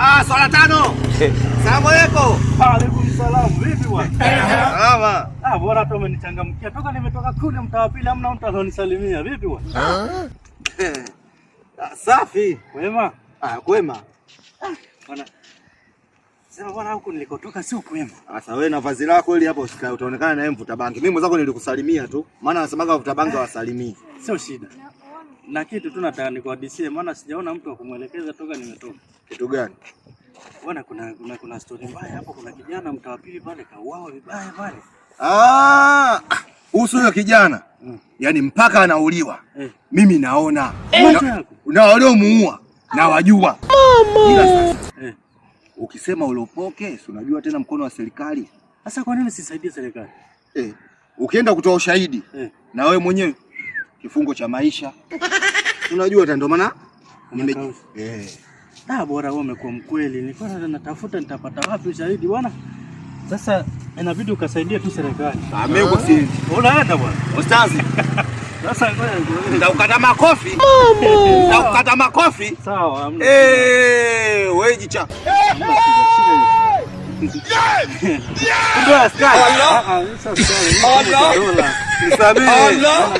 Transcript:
Ah, swala tano. Salamu alaykum. Ah, Vipi bwana? Salama. Ah, bora tu umenichangamkia. Toka nimetoka kule mtaa pili mtu anonisalimia. Vipi bwana? Ah? Ah, safi. Kwema? Ah, kwema. Bwana. Sema bwana huko nilikotoka sio kwema. Sasa wewe na vazi lako ili hapo usikae utaonekana naye mvuta bangi. Mimi mwenzako nilikusalimia tu. Maana anasemaga mvuta bangi Sio shida. Na kitu tu nataka nikuhadisie maana sijaona mtu wa kumwelekeza toka nimetoka. Kitu gani? Bwana, kuna kuna, kuna story mbaya hapo. Kuna kijana pili pale kauawa vibaya pale. Ah, husu huyo kijana mm. Yaani mpaka anauliwa eh. Mimi naona eh, na, na waliomuua na wajua mama eh. Ukisema ulopoke, si unajua tena mkono wa serikali. Sasa kwa nini usisaidie serikali eh? Ukienda kutoa ushahidi eh, na wewe mwenyewe kifungo cha maisha unajua, ndio maana eh. Ah, bora wewe umekuwa mkweli. Nilikuwa natafuta nitapata wapi ushahidi bwana. Sasa inabidi ukasaidia tu serikali. Ah, mimi uko siri. Unaenda bwana. Ustazi. Sasa nitakukata makofi. Nitakukata makofi. Sawa. Eh, wewe jicha. Ndio askari. Allah. Allah.